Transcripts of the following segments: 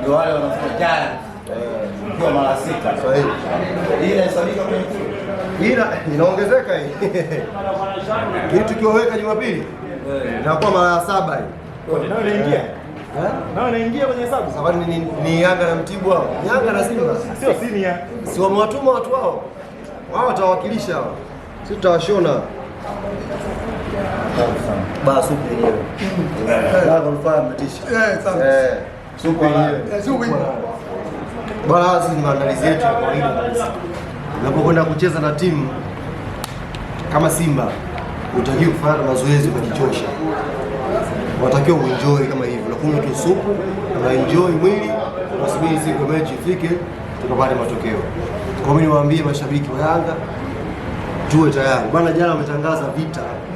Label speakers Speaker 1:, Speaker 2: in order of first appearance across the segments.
Speaker 1: ndio wale wanafika jana mara sita, inahesabika
Speaker 2: ila inaongezeka hii tukiwaweka Jumapili eh. inakuwa mara saba
Speaker 3: hii eh?
Speaker 2: ni Yanga na Mtibu hao, Yanga na Simba sio si wamewatuma watu wao, wao watawakilisha si tutawashona Eh. Ba eh, eh, supu yenyewe. Supu yenyewe. ni maandalizi yetu kabisa. Unapokwenda kucheza na timu kama Simba utakiwa kufanya mazoezi kajichosha unatakiwa uenjoy kama hivyo, unakunywa tu supu, unaenjoy mwili, unasubiri siku ya mechi ifike tukapate matokeo. Kwa mimi niwaambie mashabiki wa Yanga tuwe tayari bwana, jana wametangaza vita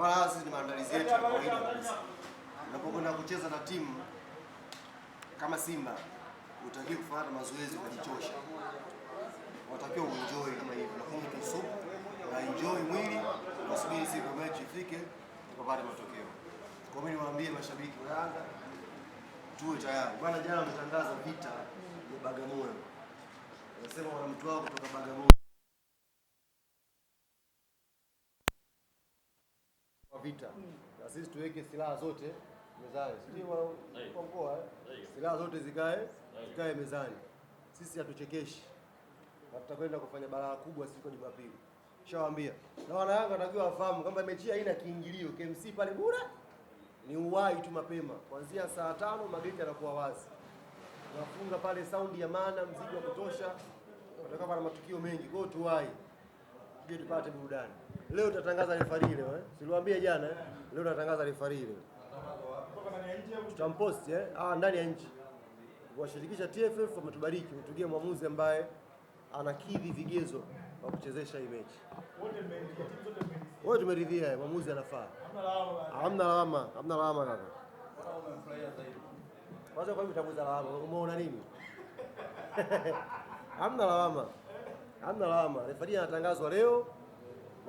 Speaker 2: Mara ni maandalizi yetu ya kawaida kabisa. Unapokwenda kucheza na timu kama Simba, utakiwa kufuata mazoezi kujichosha, watakiwa uenjoy kama hivi, lakini supu na enjoy mwili, wasubiri siku mechi ifike, tukapate matokeo. Kwa mimi niwaambie mashabiki wa Yanga tuwe tayari bwana. Jana wametangaza vita ya Bagamoyo, wanasema wana wao kutoka Bagamoyo. vita hmm. na Sisi tuweke silaha zote mezani, ndio wakomboa eh? silaha zote zikae zikae mezani. Sisi hatuchekeshi na tutakwenda kufanya balaa kubwa siku ya Jumapili, shawaambia na wana Yanga natakiwa wafahamu kwamba mechi haina kiingilio. KMC pale bure ni uwai tu mapema, kuanzia saa tano mageti yanakuwa wazi, tunafunga pale, saundi ya maana, mziki wa kutosha, watakuwa na matukio mengi, kwao, tuwai tupate burudani. Leo tutatangaza refari ile eh? Siliwaambia jana eh? Leo tutatangaza refari ile Tutampost eh? Ah, ndani ya nchi. Kuwashirikisha TFF wametubariki, utugie mwamuzi ambaye anakidhi vigezo wa kuchezesha hii mechi. Wote tumeridhia, mwamuzi anafaa. Hamna lawama, hamna lawama kaka. Kwanza kwa nini utaguza lawama? Umeona nini? Hamna lawama. Hamna lawama. Refari anatangazwa leo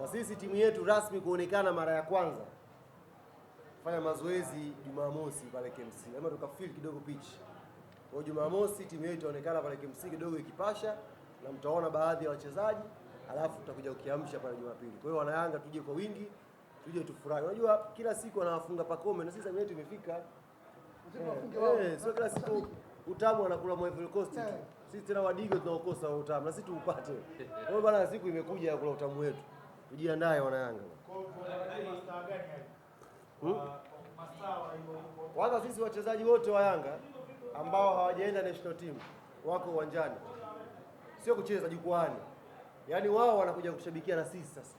Speaker 2: na sisi timu yetu rasmi kuonekana mara ya kwanza fanya mazoezi Jumamosi pale KMC, ama tukafeel kidogo pitch. Kwa Jumamosi timu yetu itaonekana pale KMC kidogo ikipasha, na mtaona baadhi ya wa wachezaji, alafu tutakuja kukiamsha pale Jumapili. Kwa hiyo wanayanga, tuje kwa wingi, tuje tufurahi. Unajua kila siku wanawafunga Pakome na sisi timu yetu imefika eh, eh, sio kila siku utamu anakula mwa Ivory Coast tu, eh. sisi tena wadigo tunaokosa utamu na sisi tuupate. Kwa hiyo bana, siku imekuja ya kula utamu wetu ujiandae wana Yanga.
Speaker 4: Kwanza sisi wachezaji wote wa Yanga ambao hawajaenda national team wako uwanjani, sio kucheza jukwani. Yaani wao wanakuja kushabikia na sisi sasa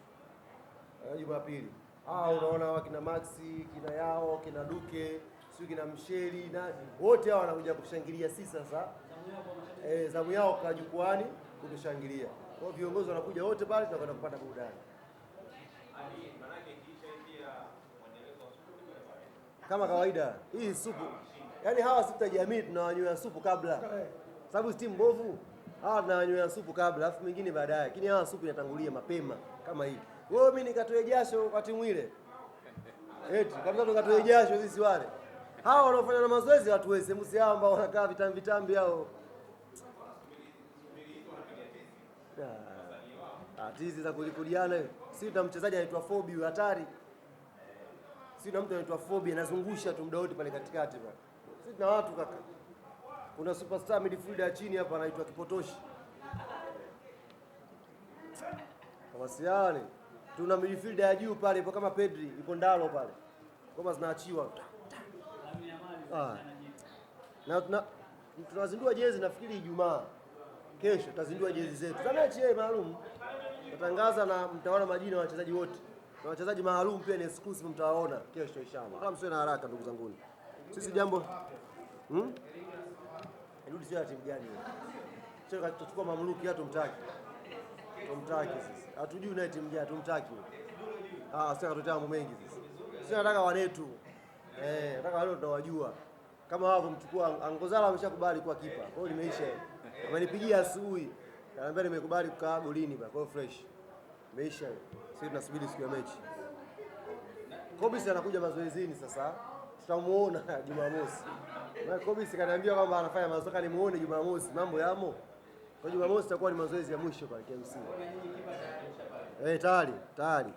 Speaker 4: eh, Jumapili. Ah, unaona hawa kina Maxi, kina Yao, kina Duke, sio kina Msheli na wote hao wanakuja kushangilia sisi sasa. Eh, zamu yao kwa jukwani kutushangilia. Kwa hiyo viongozi wanakuja wote pale tunakwenda kupata burudani kama kawaida. Hii supu yaani, hawa sita jamii tunawanywea supu kabla, sababu steam mbovu. Hawa tunawanywea supu kabla, alafu mingine baadaye, lakini hawa supu inatangulia mapema kama hii. Wewe mimi nikatoe jasho timu ile, eti kabisa tukatoe jasho sisi wale hawa wanaofanya na mazoezi watu wesemsi hawa ambao wanakaa vitambi vitambi hao hizi za kulikuliana kulipuliana, si na mchezaji anaitwa Fobi huyo hatari, si na mtu anaitwa Fobi anazungusha tu muda wote pale katikati bwana. Sisi na watu kaka, kuna superstar midfielder chini hapa anaitwa Kipotoshi Awasiani, tuna midfielder ya juu pale ipo kama Pedri ipo ndalo pale, kama zinaachiwa ah. na tuna tunazindua jezi nafikiri Ijumaa, kesho tutazindua jezi zetu za mechi maalum. Natangaza na mtaona majina ya wachezaji wote na wachezaji maalum pia ni exclusive, mtawaona kesho inshallah. Kama msiwe na haraka, ndugu zangu, sisi jambo hmm? Rudi sio timu gani hiyo, tutachukua mamluki hata tumtaki, tumtaki sisi, hatujui naye timu gani, tumtaki. Ah, sasa hatutaka mambo mengi sisi, sisi nataka wanetu eh, nataka wale tunawajua kama wao. Mchukua Angozala ameshakubali kuwa kipa, kwa hiyo limeisha. Amenipigia asubuhi kanambia nimekubali kukaa golini ba, kwa fresh. Meisha. Sisi tunasubiri siku ya mechi. Kobisi anakuja mazoezini sasa. Tutamuona Jumamosi. Na Kobisi kaniambia kwamba anafanya mazoezi ni muone Jumamosi, mambo yamo. Kwa Jumamosi itakuwa ni mazoezi ya mwisho kwa KMC. Eh, tayari, tayari.